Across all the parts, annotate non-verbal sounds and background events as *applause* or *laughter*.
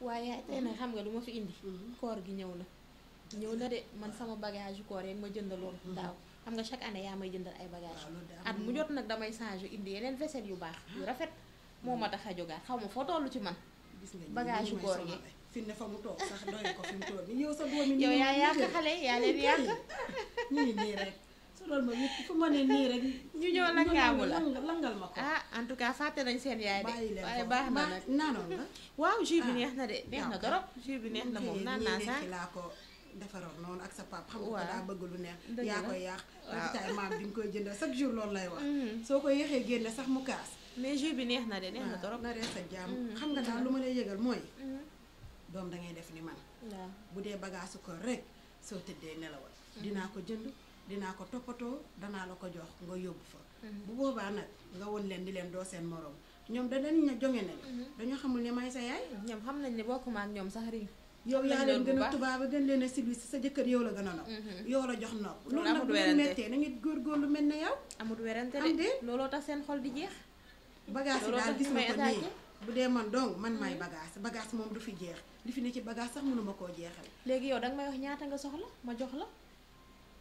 waaye tey nag xam nga lu ma fi indi. Mhm. koor gi ñëw na. ñëw na de man sama bagage koor yeeg ma jëndaloon mhm. daaw. xam nga chaque année yaa may jëndal ay bagage at mu jot nag damay changé indi yeneen vaisselle yu baax yu rafet moom ma mhm. tax a jógaat xaw ma foo toll ci man. gis nga bagage koor gi fi ne fa mu toog sax doy ko fi mu toog yow sa doom yi yow yaa yàq xale yaa leen yàq ñu ngi nii sural ma wépp fu ma ne nii rek ñu ñëw langaamu la langal ma ah en tout cas fàtte nañ seen yaay de waaye baax na nag naanoon nga waaw jus bi neex na de ya. ya, ya. mm-hmm. neex na trop jus bi neex na moom naan naa sax laa ko defaroon noonu ak sa pap xam nga ko daa bëgg lu neex yaa koy yàq tay maam bi nga koy jënd chaque jour loolu lay wax soo ko yéexee génne sax mu kaas mais jus bi neex na de neex na trop na ree sa jàmm xam nga daal lu ma lay yëgal mooy mm-hmm. doom da ngay def ni man bu dee ko rek soo tëddee nelawal dinaa mm-hmm. ko jënd dinaa ko toppatoo danaa la ko jox nga yóbbu fa mhm. bu boobaa nag nga won leen di leen doo seen moroom ñoom danañ na jonge nañ mhm. dañoo xamul ne may sa yaay ñoom xam nañ ne bokkuma ak ñoom sax ri yow yaa leen gën a tubaab gën leen a civilisé sa jëkkër yow la gën a nopp mhm. yow la jox nopp loolu nag bu mettee nañu góorgóorlu mel ne yow amul werante am de looloo tax seen xol di jeex bagage yi gis ma ko nii bu dee man dong man may bagage bagage moom du fi jeex li fi ne ci bagage sax mënuma koo jeexee léegi yow danga may wax ñaata nga soxla ma jox la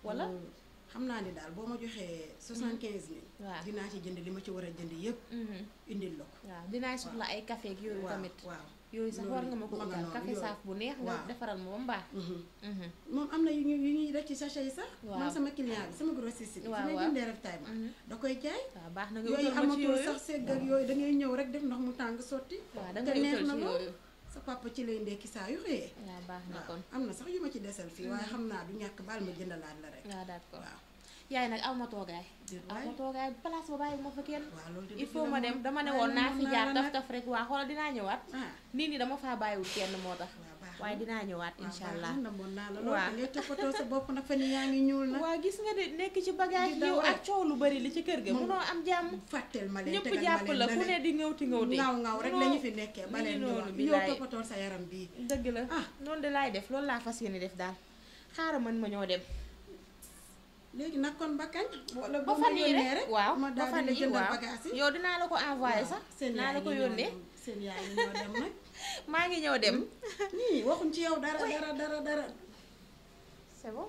wala mm. xam naa ni daal boo ma joxee soixante-quinze mille mm-hmm. waaw dinaa ci jënd li ma ci war a jënd yëpp mm-hmm. indil la ko waaw dinaa soxla ay café ak yooyu tamit waaw yooyu sax war nga ma ko utal café saaf bu neex nga defaral ma ba mu mm-hmm. moom am na yu ñu yu ñuy ci sachet yi sax man sama client bi sama grossiste bi sama jëndee rek tay da koy jaay waaw baax na nga yooyu amatul sax segg ak yooyu da ngay ñëw rek def ndox mu tàng sotti waa da nga neex na loolu sa papa ci lay ndekki saa yu xëyee. waaw ah, baax na kon am na sax yu ma ci desal fii waaye mm-hmm. xam naa du ñàkk baal ma jëndalaat la rek. Ah, waaw d'accord ko yaay nag aw ma toogaay. aw ma toogaay place ba bàyyi ma fa kenn. il faut ma dem dama ne woon naa fi jaar taf taf rek waa xoolal dinaa ñëwaat. Ah. nit ñi dama faa bàyyiwul kenn moo tax. waaye dinaa ñëwaat incha allah waaw ngay toppatoo sa bopp nag yaa ngi ñuul na waaw gis nga de nekk ci bagage yow ak coow lu bari li ci kër ga munoo am jàmm fàttel ma leen ñëpp jàpp la ku ne di ngëw ti ngëw di ngaaw ngaaw rek lañu fi nekkee ma leen di yow toppatoo sa yaram bii dëgg la ah noonu de laay def loolu laa fas yéene def daal xaaral man ma ñoo dem léegi nag kon ba kañ. wala ba fan yii rek waaw ba fan yii waaw yow dinaa la ko envoyé sax. seen yaay la ko yónnee seen yaay ñoo dem nag. *laughs* maa ngi ñëw dem. Hmm? nii waxuñ ci yow dara dara dara dara. c'est bon.